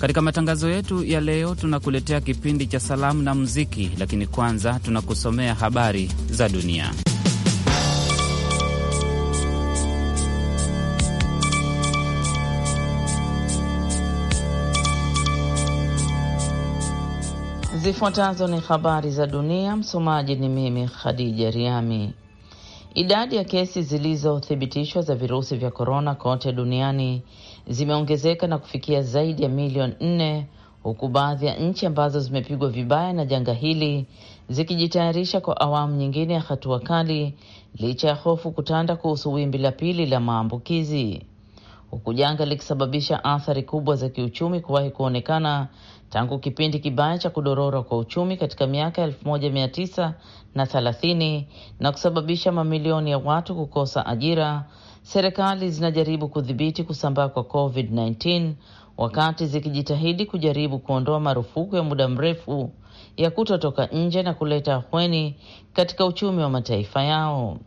Katika matangazo yetu ya leo, tunakuletea kipindi cha salamu na muziki, lakini kwanza tunakusomea habari za dunia. Zifuatazo ni habari za dunia. Msomaji ni mimi Khadija Riami. Idadi ya kesi zilizothibitishwa za virusi vya korona kote duniani zimeongezeka na kufikia zaidi ya milioni nne huku baadhi ya nchi ambazo zimepigwa vibaya na janga hili zikijitayarisha kwa awamu nyingine ya hatua kali licha ya hofu kutanda kuhusu wimbi la pili la maambukizi, huku janga likisababisha athari kubwa za kiuchumi kuwahi kuonekana tangu kipindi kibaya cha kudorora kwa uchumi katika miaka 1930 na, na kusababisha mamilioni ya watu kukosa ajira serikali zinajaribu kudhibiti kusambaa kwa COVID-19 wakati zikijitahidi kujaribu kuondoa marufuku ya muda mrefu ya kutotoka nje na kuleta ahweni katika uchumi wa mataifa yao.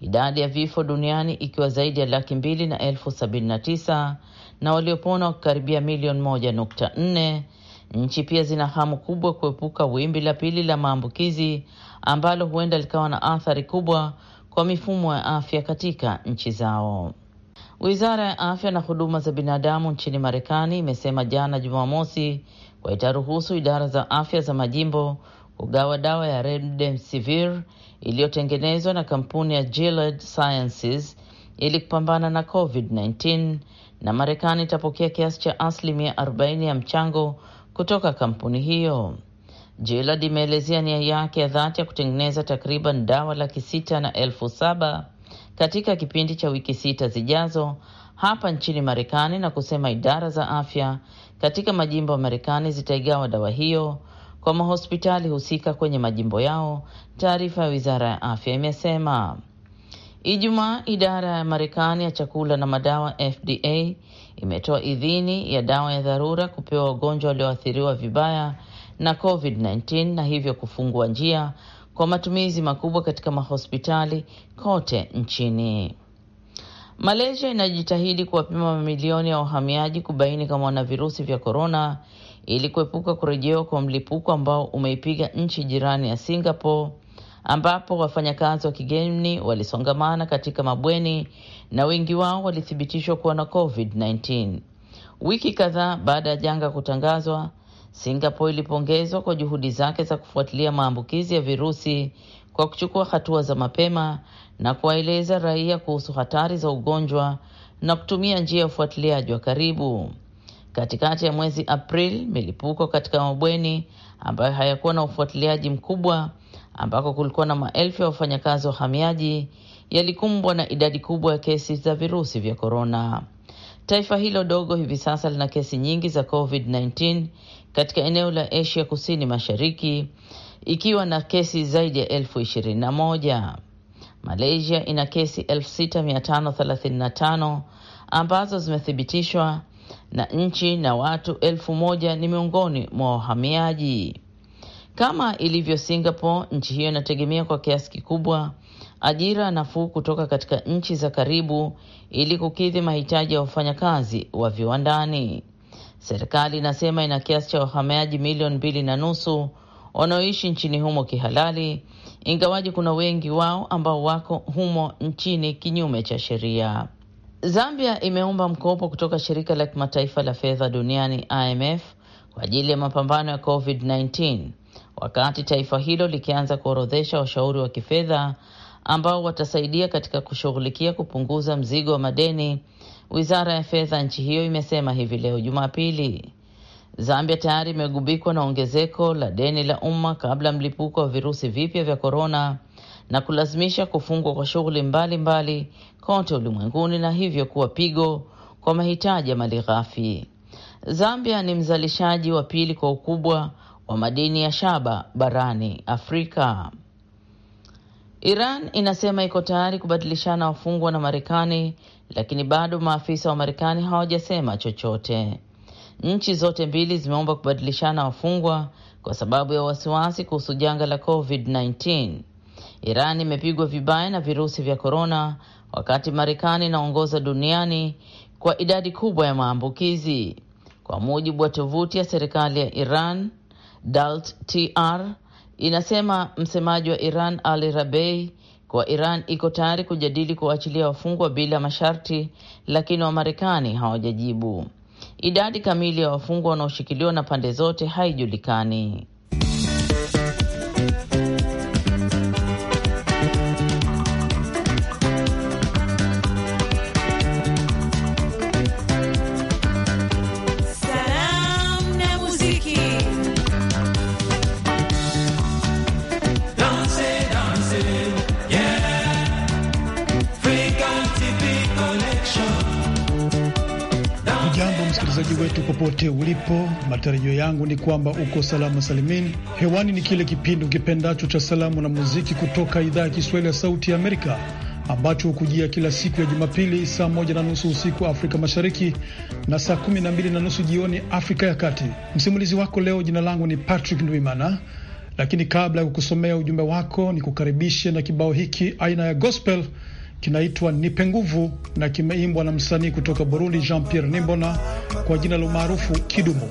Idadi ya vifo duniani ikiwa zaidi ya laki mbili na elfu sabini na tisa na waliopona wakikaribia milioni moja nukta nne. Nchi pia zina hamu kubwa kuepuka wimbi la pili la maambukizi ambalo huenda likawa na athari kubwa kwa mifumo ya afya katika nchi zao. Wizara ya afya na huduma za binadamu nchini Marekani imesema jana Jumamosi kwa itaruhusu idara za afya za majimbo kugawa dawa ya remdesivir iliyotengenezwa na kampuni ya Gilead Sciences ili kupambana na COVID-19 na Marekani itapokea kiasi cha asilimia 40 ya mchango kutoka kampuni hiyo. Gillard imeelezea nia yake ya dhati ya kutengeneza takriban dawa laki sita na elfu saba katika kipindi cha wiki sita zijazo hapa nchini Marekani na kusema idara za afya katika majimbo ya Marekani zitaigawa dawa hiyo kwa mahospitali husika kwenye majimbo yao, taarifa ya wizara ya afya imesema Ijumaa. Idara ya Marekani ya chakula na madawa FDA imetoa idhini ya dawa ya dharura kupewa wagonjwa walioathiriwa vibaya na COVID-19 na hivyo kufungua njia kwa matumizi makubwa katika mahospitali kote nchini. Malaysia inajitahidi kuwapima mamilioni ya wahamiaji kubaini kama wana virusi vya korona ili kuepuka kurejewa kwa mlipuko ambao umeipiga nchi jirani ya Singapore ambapo wafanyakazi wa kigeni walisongamana katika mabweni na wengi wao walithibitishwa kuwa na COVID-19. Wiki kadhaa baada ya janga kutangazwa, Singapore ilipongezwa kwa juhudi zake za kufuatilia maambukizi ya virusi kwa kuchukua hatua za mapema na kuwaeleza raia kuhusu hatari za ugonjwa na kutumia njia ya ufuatiliaji wa karibu. Katikati ya mwezi april milipuko katika mabweni ambayo hayakuwa na ufuatiliaji mkubwa, ambako kulikuwa na maelfu ya wafanyakazi wa uhamiaji, yalikumbwa na idadi kubwa ya kesi za virusi vya korona. Taifa hilo dogo hivi sasa lina kesi nyingi za COVID-19 katika eneo la Asia Kusini Mashariki ikiwa na kesi zaidi ya elfu ishirini na moja. Malaysia ina kesi 6535 ambazo zimethibitishwa na nchi na watu elfu moja ni miongoni mwa wahamiaji. Kama ilivyo Singapore, nchi hiyo inategemea kwa kiasi kikubwa ajira nafuu kutoka katika nchi za karibu ili kukidhi mahitaji ya wafanyakazi wa viwandani. Serikali inasema ina kiasi cha wahamiaji milioni mbili na nusu wanaoishi nchini humo kihalali, ingawaji kuna wengi wao ambao wako humo nchini kinyume cha sheria. Zambia imeomba mkopo kutoka shirika la kimataifa la fedha duniani IMF kwa ajili ya mapambano ya COVID-19 wakati taifa hilo likianza kuorodhesha washauri wa kifedha ambao watasaidia katika kushughulikia kupunguza mzigo wa madeni Wizara ya fedha nchi hiyo imesema hivi leo Jumapili. Zambia tayari imegubikwa na ongezeko la deni la umma kabla mlipuko wa virusi vipya vya korona na kulazimisha kufungwa kwa shughuli mbalimbali kote ulimwenguni na hivyo kuwa pigo kwa mahitaji ya mali ghafi Zambia ni mzalishaji wa pili kwa ukubwa wa madini ya shaba barani Afrika. Iran inasema iko tayari kubadilishana wafungwa na Marekani, lakini bado maafisa wa Marekani hawajasema chochote. Nchi zote mbili zimeomba kubadilishana wafungwa kwa sababu ya wasiwasi kuhusu janga la COVID-19. Iran imepigwa vibaya na virusi vya korona, wakati Marekani inaongoza duniani kwa idadi kubwa ya maambukizi, kwa mujibu wa tovuti ya serikali ya Iran DALT TR inasema msemaji wa Iran Ali Rabei kuwa Iran iko tayari kujadili kuwaachilia wafungwa bila masharti, lakini Wamarekani hawajajibu. Idadi kamili ya wafungwa wanaoshikiliwa na pande zote haijulikani. wetu popote ulipo, matarajio yangu ni kwamba uko salama salimin Hewani ni kile kipindi ukipendacho cha salamu na muziki kutoka idhaa ya Kiswahili ya Sauti ya Amerika ambacho hukujia kila siku ya Jumapili saa moja na nusu usiku Afrika Mashariki na saa kumi na mbili na nusu jioni Afrika ya Kati. Msimulizi wako leo, jina langu ni Patrick Ndwimana, lakini kabla ya kukusomea ujumbe wako, ni kukaribishe na kibao hiki aina ya gospel kinaitwa Nipe Nguvu na kimeimbwa na msanii kutoka Burundi Jean Pierre Nimbona kwa jina la umaarufu Kidumu.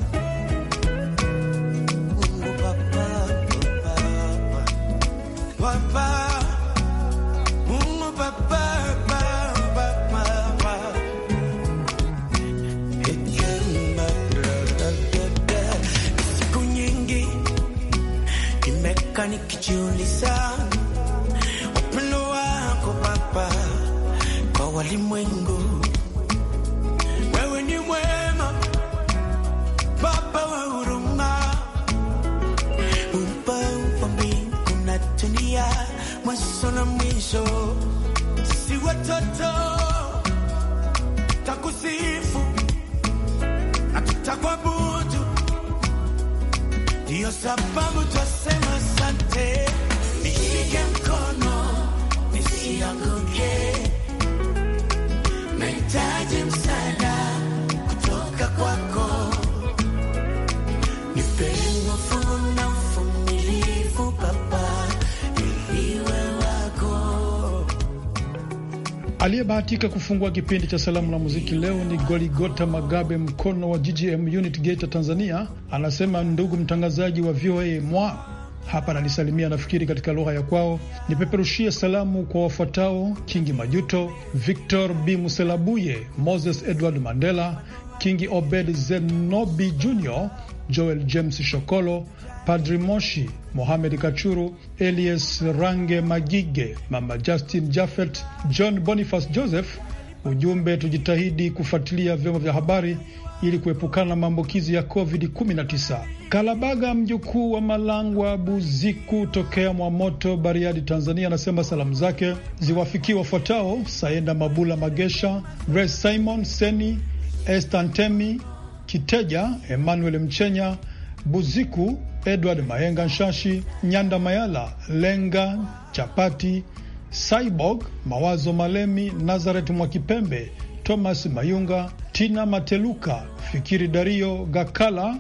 Aliyebahatika kufungua kipindi cha salamu na muziki leo ni Goligota Magabe Mkono wa GGM Unit Gate Tanzania. Anasema, ndugu mtangazaji wa VOA mwa hapa nalisalimia, nafikiri katika lugha ya kwao. Nipeperushie salamu kwa wafuatao: Kingi Majuto, Victor B Muselabuye, Moses Edward Mandela, Kingi Obed Zenobi Jr, Joel James Shokolo, Padri Moshi, Mohamed Kachuru, Elias Range Magige, Mama Justin Jaffet, John Boniface Joseph. Ujumbe, tujitahidi kufuatilia vyombo vya habari ili kuepukana na maambukizi ya COVID-19. Kalabaga, mjukuu wa Malangwa Buziku tokea Mwamoto, Bariadi, Tanzania, anasema salamu zake ziwafikie wafuatao: Saenda Mabula Magesha, Grace Simon Seni, Estantemi Kiteja, Emmanuel Mchenya, Buziku Edward Mahenga Nshashi, Nyanda Mayala, Lenga Chapati, Cyborg, Mawazo Malemi, Nazareth Mwakipembe, Thomas Mayunga, Tina Mateluka, Fikiri Dario, Gakala,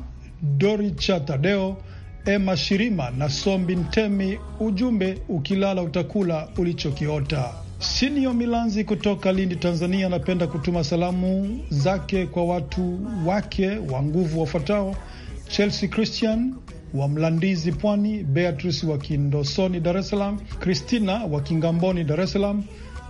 Doricha Tadeo, Emma Shirima na Sombi Ntemi. Ujumbe, ukilala utakula ulichokiota. Sinio Milanzi kutoka Lindi, Tanzania, anapenda kutuma salamu zake kwa watu wake wa nguvu wafuatao: Chelsea Christian wa Mlandizi Pwani, Beatrice wa Kindosoni Dar es Salaam, Kristina wa Kingamboni Dar es Salaam,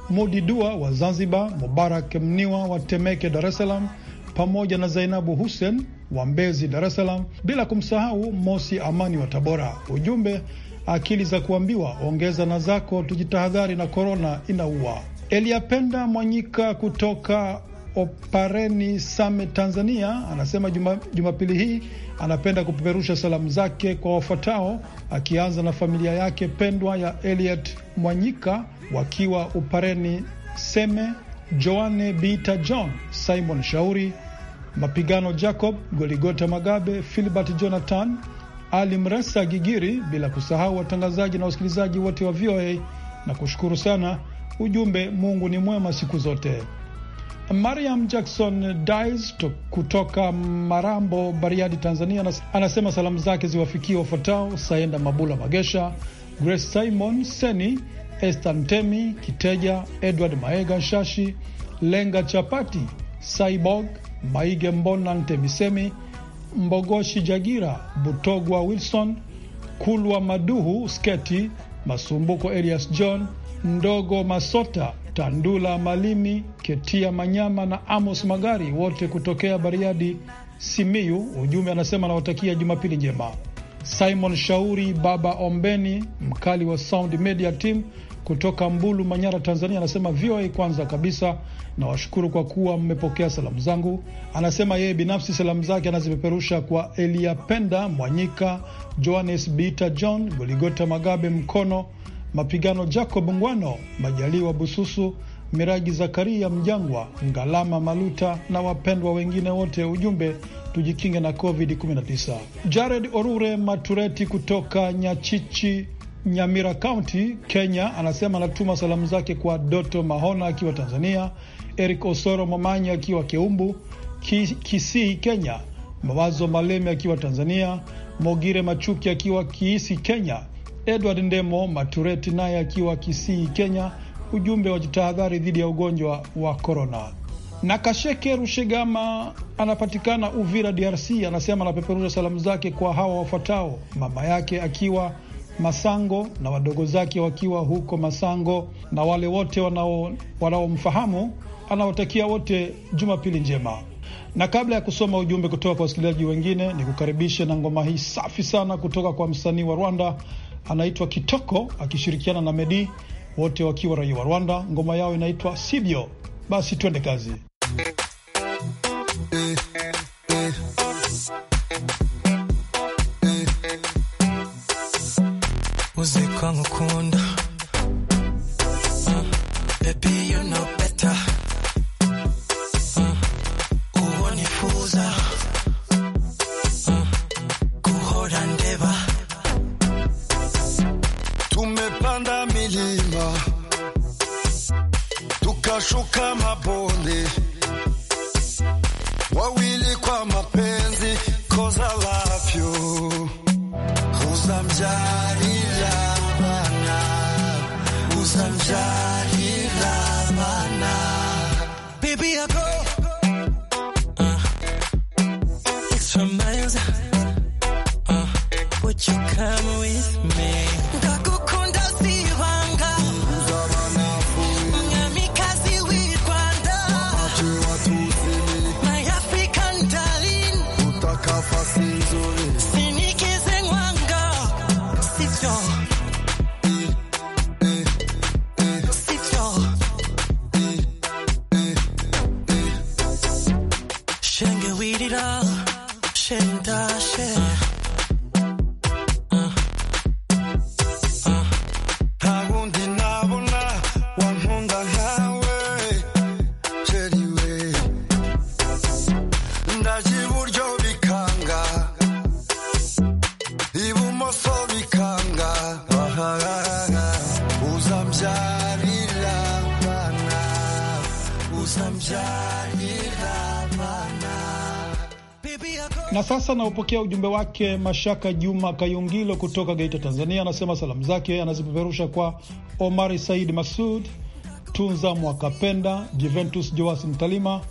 Modi Dua wa Zanzibar, Mubarak Mniwa wa Temeke Dar es Salaam, pamoja na Zainabu Hussein wa Mbezi Dar es Salaam, bila kumsahau Mosi Amani wa Tabora. Ujumbe, akili za kuambiwa ongeza na zako, tujitahadhari na korona inaua. Eliapenda Mwanyika kutoka Opareni Same Tanzania anasema Jumapili hii anapenda kupeperusha salamu zake kwa wafuatao, akianza na familia yake pendwa ya Eliot Mwanyika wakiwa Upareni Seme, joanne Bita, John Simon Shauri, Mapigano Jacob, Goligota Magabe, Filbert Jonathan, Ali Mresa Gigiri, bila kusahau watangazaji na wasikilizaji wote wa VOA na kushukuru sana. Ujumbe, Mungu ni mwema siku zote. Mariam Jackson Dies kutoka Marambo, Bariadi, Tanzania, anasema salamu zake ziwafikie wafuatao: Saenda Mabula Magesha, Grace Simon Seni, Esther Ntemi Kiteja, Edward Maega Shashi, Lenga Chapati, Cyborg Maige, Mbona Ntemisemi, Mbogoshi Jagira, Butogwa Wilson, Kulwa Maduhu Sketi, Masumbuko Elias John, Ndogo Masota, Tandula Malimi Ketia Manyama na Amos Magari, wote kutokea Bariadi, Simiyu. Ujumbe anasema anawatakia Jumapili njema. Simon Shauri Baba Ombeni, mkali wa Sound Media Team kutoka Mbulu, Manyara, Tanzania, anasema VOA kwanza kabisa nawashukuru kwa kuwa mmepokea salamu zangu. Anasema yeye binafsi salamu zake anazipeperusha kwa Elia Penda Mwanyika, Johannes Bita, John Goligota Magabe, Mkono Mapigano, Jacob Ngwano, Majaliwa Bususu, Miragi Zakaria Mjangwa, Ngalama Maluta na wapendwa wengine wote. Ujumbe tujikinge na COVID-19. Jared Orure Matureti kutoka Nyachichi Nyamira kaunti Kenya, anasema anatuma salamu zake kwa Doto Mahona akiwa Tanzania, Eric Osoro Mamanya akiwa Keumbu, Kisii Kenya, Mawazo Maleme akiwa Tanzania, Mogire Machuki akiwa Kiisi Kenya, Edward Ndemo Matureti naye akiwa Kisii Kenya, ujumbe wa tahadhari dhidi ya ugonjwa wa korona. Na Kasheke Rushegama anapatikana Uvira, DRC, anasema anapeperusha salamu zake kwa hawa wafuatao: mama yake akiwa Masango na wadogo zake wakiwa huko Masango na wale wote wanaomfahamu anawatakia wote Jumapili njema. Na kabla ya kusoma ujumbe kutoka kwa wasikilizaji wengine, nikukaribishe na ngoma hii safi sana kutoka kwa msanii wa Rwanda anaitwa Kitoko akishirikiana na Medi wote wakiwa raia wa Rwanda. Ngoma yao inaitwa Sibyo. Basi twende kazi milima tukashuka mabonde, wawili kwa mapenzi koza lapyo kuzamjari I shit. Tunapokea ujumbe wake. Mashaka Juma Kayungilo kutoka Geita, Tanzania, anasema salamu zake anazipeperusha kwa Omari Said Masud, Tunza Mwakapenda, Juventus Joas Mtalima,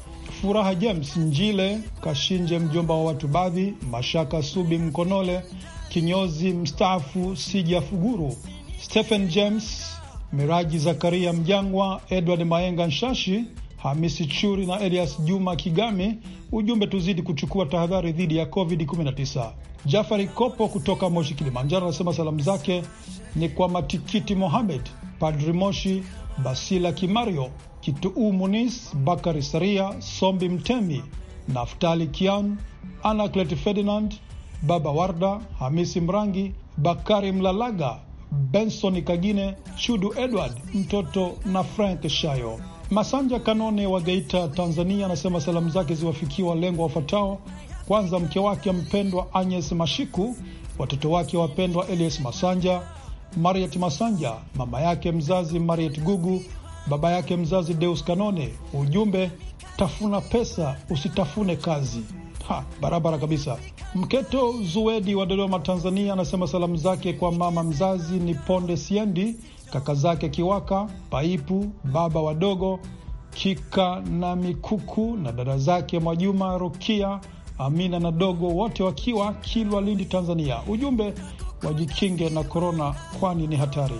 Furaha James Njile, Kashinje mjomba wa watu badhi, Mashaka Subi Mkonole, kinyozi mstaafu Sija Fuguru, Stephen James, Miraji Zakaria Mjangwa, Edward Maenga Nshashi, Hamisi Churi na Elias Juma Kigami ujumbe tuzidi kuchukua tahadhari dhidi ya COVID-19. Jafari Kopo kutoka Moshi, Kilimanjaro, anasema salamu zake ni kwa Matikiti Mohamed, Padri Moshi, Basila Kimario, Kituu Munis, Bakari Saria, Sombi Mtemi, Naftali Kian, Anaclet Ferdinand, Baba Warda, Hamisi Mrangi, Bakari Mlalaga, Benson Kagine, Chudu Edward mtoto na Frank Shayo. Masanja Kanone wa Geita, Tanzania, anasema salamu zake ziwafikie walengwa wafuatao: kwanza mke wake mpendwa Agnes Mashiku, watoto wake wapendwa Elias Masanja, Mariet Masanja, mama yake mzazi Mariet Gugu, baba yake mzazi Deus Kanone. Ujumbe, tafuna pesa usitafune kazi. Ha, barabara kabisa. Mketo Zuwedi wa Dodoma, Tanzania, anasema salamu zake kwa mama mzazi ni Ponde Siendi kaka zake Kiwaka, Paipu, baba wadogo Kika na Mikuku na dada zake Mwajuma, Rokia, Amina na Dogo, wote wakiwa Kilwa, Lindi, Tanzania. Ujumbe wajikinge na korona, kwani ni hatari.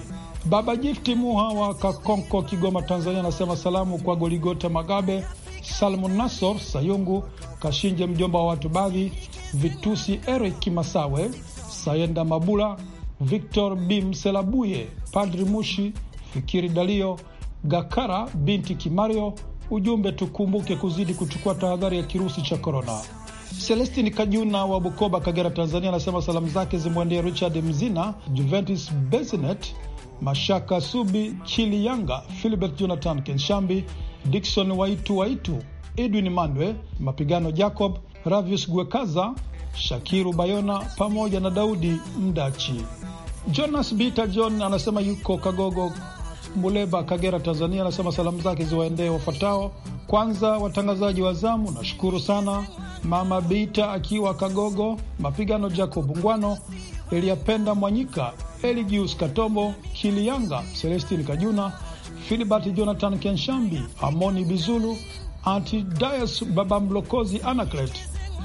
Baba Jifti Muha wa Kakonko, Kigoma, Tanzania, anasema salamu kwa Goligota Magabe, salmu Nasor Sayungu, Kashinje mjomba wa watu, Badhi Vitusi, Eric Masawe, Sayenda Mabula Victor Bimselabuye, Padri Mushi, Fikiri Dalio, Gakara binti Kimario. Ujumbe, tukumbuke kuzidi kuchukua tahadhari ya kirusi cha korona. Celestin Kajuna wa Bukoba, Kagera, Tanzania, anasema salamu zake zimwendee Richard Mzina, Juventus Besinet, Mashaka Subi, Chili Yanga, Philibert Jonathan Kenshambi, Dikson Waitu Waitu, Edwin Mandwe, Mapigano Jacob, Ravius Gwekaza, Shakiru Bayona pamoja na Daudi Mdachi. Jonas bita John anasema yuko Kagogo, Muleba, Kagera, Tanzania. Anasema salamu zake ziwaendee wafuatao. Kwanza watangazaji wa zamu, nashukuru sana Mama Bita akiwa Kagogo, Mapigano Jacob Ngwano, eliapenda Mwanyika, Eligius Katombo Kiliyanga, Celestini Kajuna, Filibert Jonathan Kenshambi, Amoni Bizulu, Dias, Baba Mlokozi, Anaclet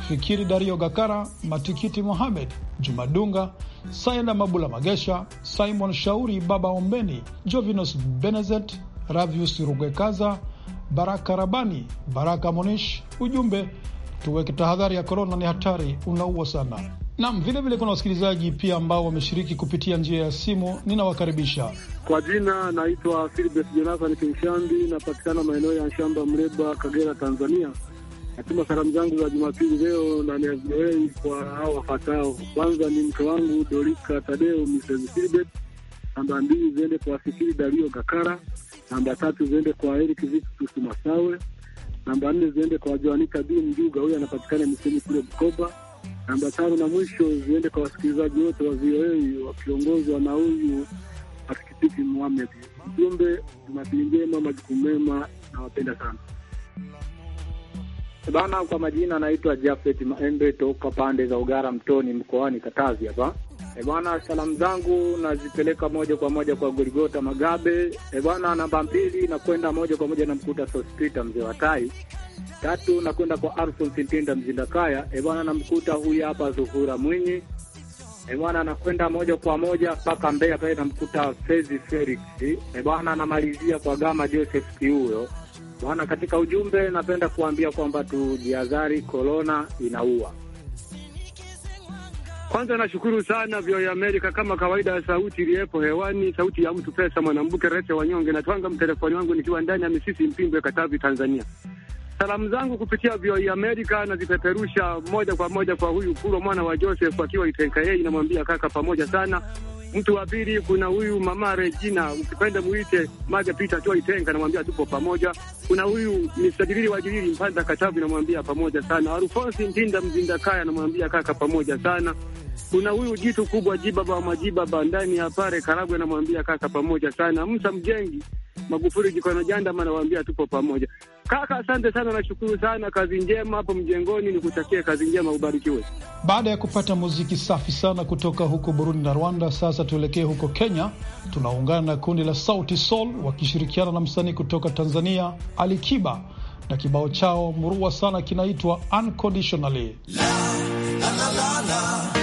Fikiri Dario Gakara, Matikiti Mohamed, Jumadunga Saida, Mabula Magesha, Simon Shauri, Baba Ombeni, Jovinos Benezet, Ravius Rugwekaza, Baraka Rabani, Baraka Monish. Ujumbe, tuweke tahadhari ya korona, ni hatari, unaua sana. Naam, vilevile kuna wasikilizaji pia ambao wameshiriki kupitia njia ya simu, ninawakaribisha. Kwa jina naitwa Filibert Jonathan Kinshambi, napatikana maeneo ya shamba Mreba, Kagera, Tanzania. Natuma salamu zangu za Jumapili leo ndani ya VOA kwa hao wafatao. Kwanza ni mke wangu Dorika Tadeo, Mrs Namba mbili ziende kwa Fikiri Dario Gakara. Namba tatu ziende kwa Eric Vitus Masawe. Namba nne ziende kwa Joanika B Mjuga, huyo anapatikana Misemi kule Bukoba. Namba tano na mwisho ziende kwa wasikilizaji wote wa VOA wakiongozwa na huyu Asikitiki Muhamed. Mjumbe, Jumapili njema, majukumu mema, nawapenda sana. Bana, kwa majina anaitwa Jafet Maembe toka pande za Ugara Mtoni mkoani Katavi hapa. E bwana, salamu zangu nazipeleka moja kwa moja kwa Gorigota Magabe. E bwana, namba mbili nakwenda moja kwa moja namkuta Sospita mzee wa tai. Tatu nakwenda kwa Arson Sintinda Mzindakaya. E bwana, namkuta huyu hapa Zuhura Mwinyi. E bwana, nakwenda moja kwa moja mpaka Mbeya pale namkuta Fezi Felix. E bwana, namalizia kwa Gama Joseph Kiuyo. Bwana, katika ujumbe napenda kuambia kwamba tujihadhari, korona inaua. Kwanza nashukuru sana vyo ya Amerika kama kawaida ya sauti iliyepo hewani, sauti ya mtu pesa, mwanamke rete wanyonge, na twanga mtelefoni wangu nikiwa ndani ya misisi Mpimbwe, Katavi, Tanzania. Salamu zangu kupitia vyo ya Amerika nazipeperusha moja kwa moja kwa huyu Puro mwana wa Joseph akiwa Itenkayei, inamwambia kaka, pamoja sana Mtu wa pili kuna huyu mama Regina, ukipenda muite Maga pita tu itenga, namwambia tupo pamoja. Kuna huyu msajili wa jilili Mpanda Katavi, namwambia pamoja sana. Alfonsi Ndinda Mzindakaya, namwambia kaka pamoja sana kuna huyu jitu kubwa jibaba wa majibaba ndani ya pare Karagwe, namwambia kaka, pamoja sana. msa Mjengi Magufuli jikona janda manawaambia tupo pamoja kaka, asante sana, nashukuru sana, kazi njema hapo mjengoni, nikutakie kazi njema, ubarikiwe. Baada ya kupata muziki safi sana kutoka huko Burundi na Rwanda, sasa tuelekee huko Kenya. Tunaungana na kundi la Sauti Sol wakishirikiana na msanii kutoka Tanzania Alikiba na kibao chao murua sana kinaitwa Unconditionally la, la, la, la, la.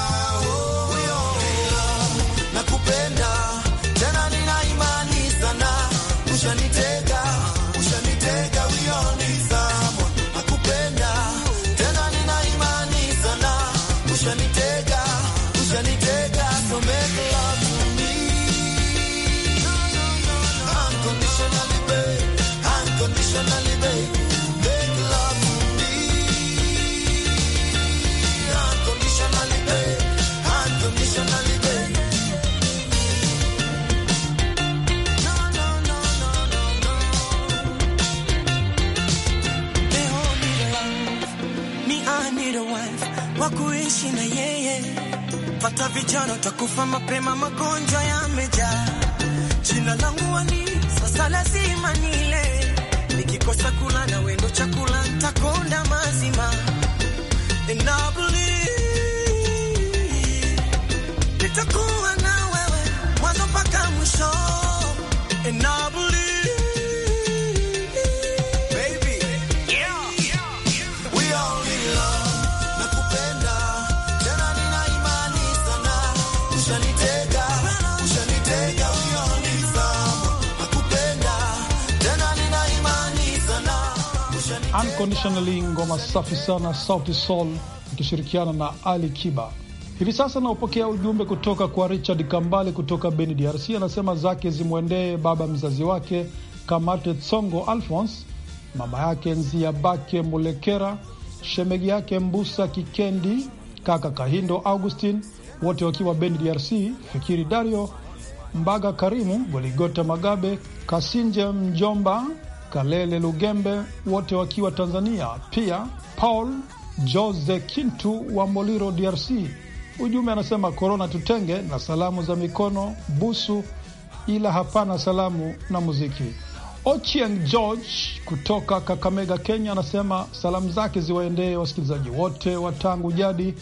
Russian, hata vijana takufa mapema, magonjwa yamejaa. Jina langu wani sasa, lazima nile, nikikosa kula na wendo chakula ntakonda mazima Enabli. Unconditionally, ngoma safi sana, Sauti soul ikishirikiana na Ali Kiba. Hivi sasa naopokea ujumbe kutoka kwa Richard Kambale kutoka Beni, DRC. Anasema zake zimwendee baba mzazi wake Kamate Tsongo Alphonse, mama yake Nzia Bake Mulekera, shemegi yake Mbusa Kikendi, kaka Kahindo Augustin, wote wakiwa Beni, DRC. Fikiri Dario Mbaga, Karimu Goligota Magabe, Kasinje Mjomba Kalele Lugembe, wote wakiwa Tanzania, pia Paul Jose Kintu wa Moliro, DRC. Ujumbe anasema korona tutenge na salamu za mikono busu, ila hapana salamu na muziki. Ochieng George kutoka Kakamega, Kenya, anasema salamu zake ziwaendee wasikilizaji wote wa tangu jadi,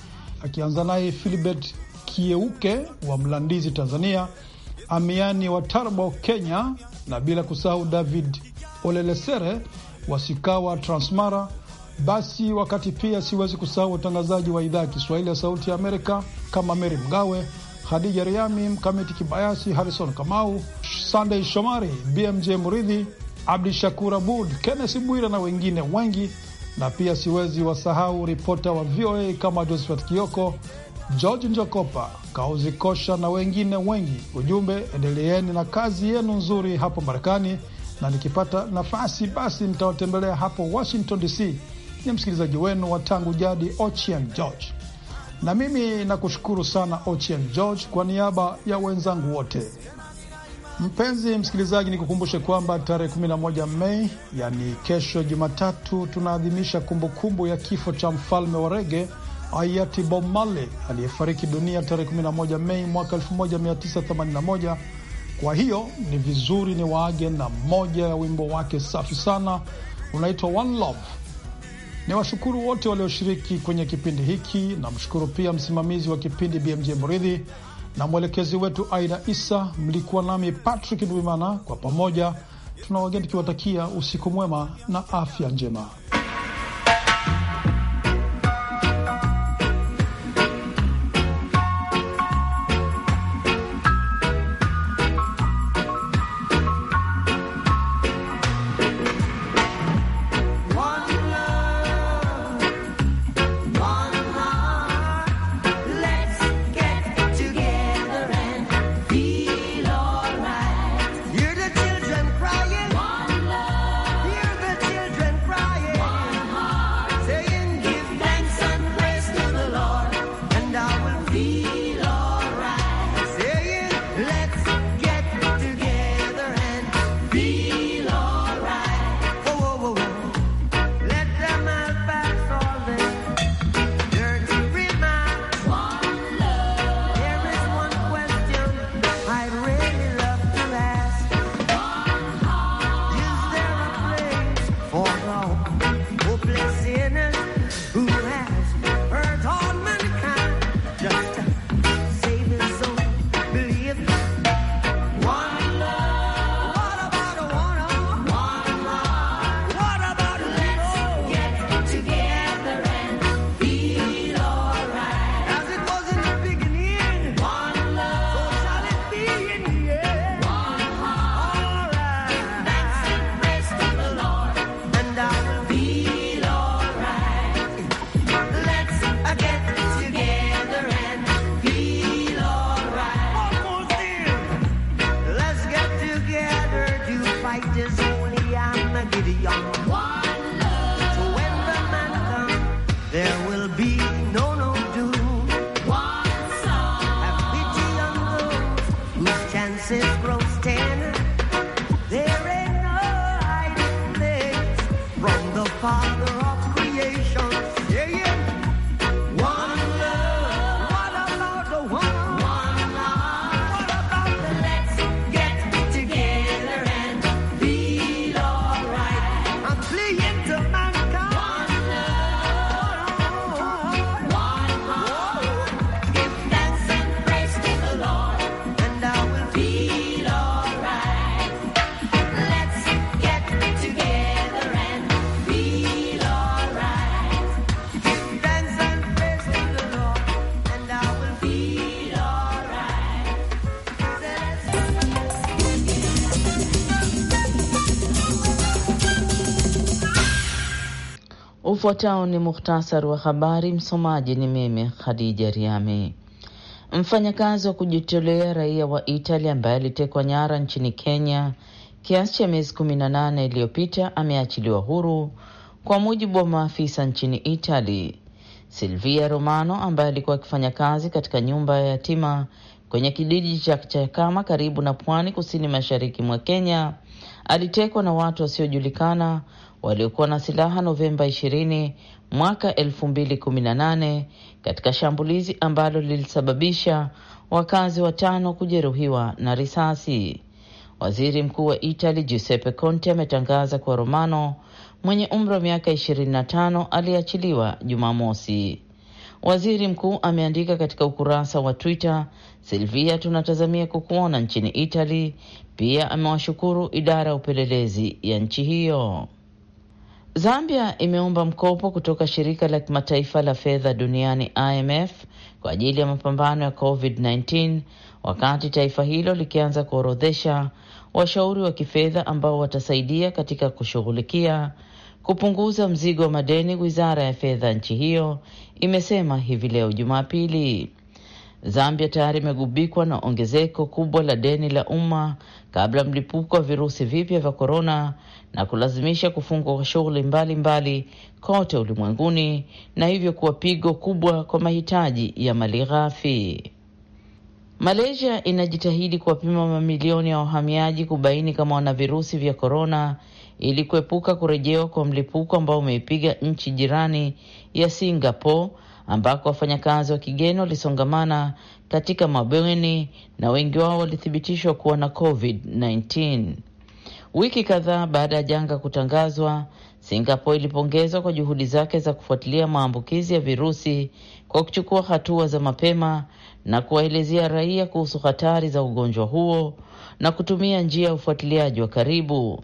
akianza naye Filibert Kieuke wa Mlandizi, Tanzania, Amiani wa Tarbo, Kenya, na bila kusahau David Olelesere Wasikawa Transmara. Basi wakati pia siwezi kusahau watangazaji wa idhaa ya Kiswahili ya Sauti ya Amerika kama Meri Mgawe, Hadija Riami, Mkamiti Kibayasi, harison Kamau, Sandey Shomari, BMJ Muridhi, Abdi Shakur Abud, Kennesi Bwira na wengine wengi, na pia siwezi wasahau ripota wa VOA kama Josephat Kioko, George Njokopa, Kauzi Kosha na wengine wengi. Ujumbe, endeleeni na kazi yenu nzuri hapo Marekani na nikipata nafasi basi nitawatembelea hapo Washington DC. Ni msikilizaji wenu wa tangu jadi Ochieng George, na mimi nakushukuru sana Ochieng George kwa niaba ya wenzangu wote. Mpenzi msikilizaji, nikukumbushe kwamba tarehe 11 Mei, yani kesho Jumatatu, tunaadhimisha kumbukumbu ya kifo cha mfalme wa rege Hayati Bob Marley aliyefariki dunia tarehe 11 Mei mwaka 1981 kwa hiyo ni vizuri ni waage na mmoja ya wimbo wake safi sana unaitwa One Love. Ni washukuru wote walioshiriki kwenye kipindi hiki. Namshukuru pia msimamizi wa kipindi BMJ Mridhi na mwelekezi wetu Aida Isa. Mlikuwa nami Patrick Ndwimana, kwa pamoja tunawageni tukiwatakia usiku mwema na afya njema. Ufuatao ni muhtasari wa habari. Msomaji ni mimi Khadija Riami. Mfanyakazi wa kujitolea raia wa itali ambaye alitekwa nyara nchini Kenya kiasi cha miezi 18 iliyopita ameachiliwa huru kwa mujibu wa maafisa nchini Itali. Silvia Romano ambaye alikuwa akifanya kazi katika nyumba ya yatima kwenye kijiji cha Chakama karibu na pwani kusini mashariki mwa Kenya alitekwa na watu wasiojulikana waliokuwa na silaha Novemba 20 mwaka 2018 katika shambulizi ambalo lilisababisha wakazi watano kujeruhiwa na risasi. Waziri Mkuu wa Italy Giuseppe Conte ametangaza kuwa Romano mwenye umri wa miaka 25 aliyeachiliwa Jumamosi. Waziri mkuu ameandika katika ukurasa wa Twitter, Silvia, tunatazamia kukuona nchini Italy. Pia amewashukuru idara ya upelelezi ya nchi hiyo. Zambia imeomba mkopo kutoka shirika la kimataifa la fedha duniani IMF kwa ajili ya mapambano ya COVID-19 wakati taifa hilo likianza kuorodhesha washauri wa kifedha ambao watasaidia katika kushughulikia kupunguza mzigo wa madeni. Wizara ya fedha nchi hiyo imesema hivi leo Jumapili. Zambia tayari imegubikwa na ongezeko kubwa la deni la umma kabla mlipuko wa virusi vipya vya korona na kulazimisha kufungwa kwa shughuli mbalimbali kote ulimwenguni na hivyo kuwa pigo kubwa kwa mahitaji ya mali ghafi Malaysia inajitahidi kuwapima mamilioni ya wahamiaji kubaini kama wana virusi vya korona ili kuepuka kurejewa kwa mlipuko ambao umeipiga nchi jirani ya Singapore ambako wafanyakazi wa kigeni walisongamana katika mabweni na wengi wao walithibitishwa kuwa na COVID-19. Wiki kadhaa baada ya janga kutangazwa, Singapore ilipongezwa kwa juhudi zake za kufuatilia maambukizi ya virusi kwa kuchukua hatua za mapema na kuwaelezea raia kuhusu hatari za ugonjwa huo na kutumia njia ya ufuatiliaji wa karibu.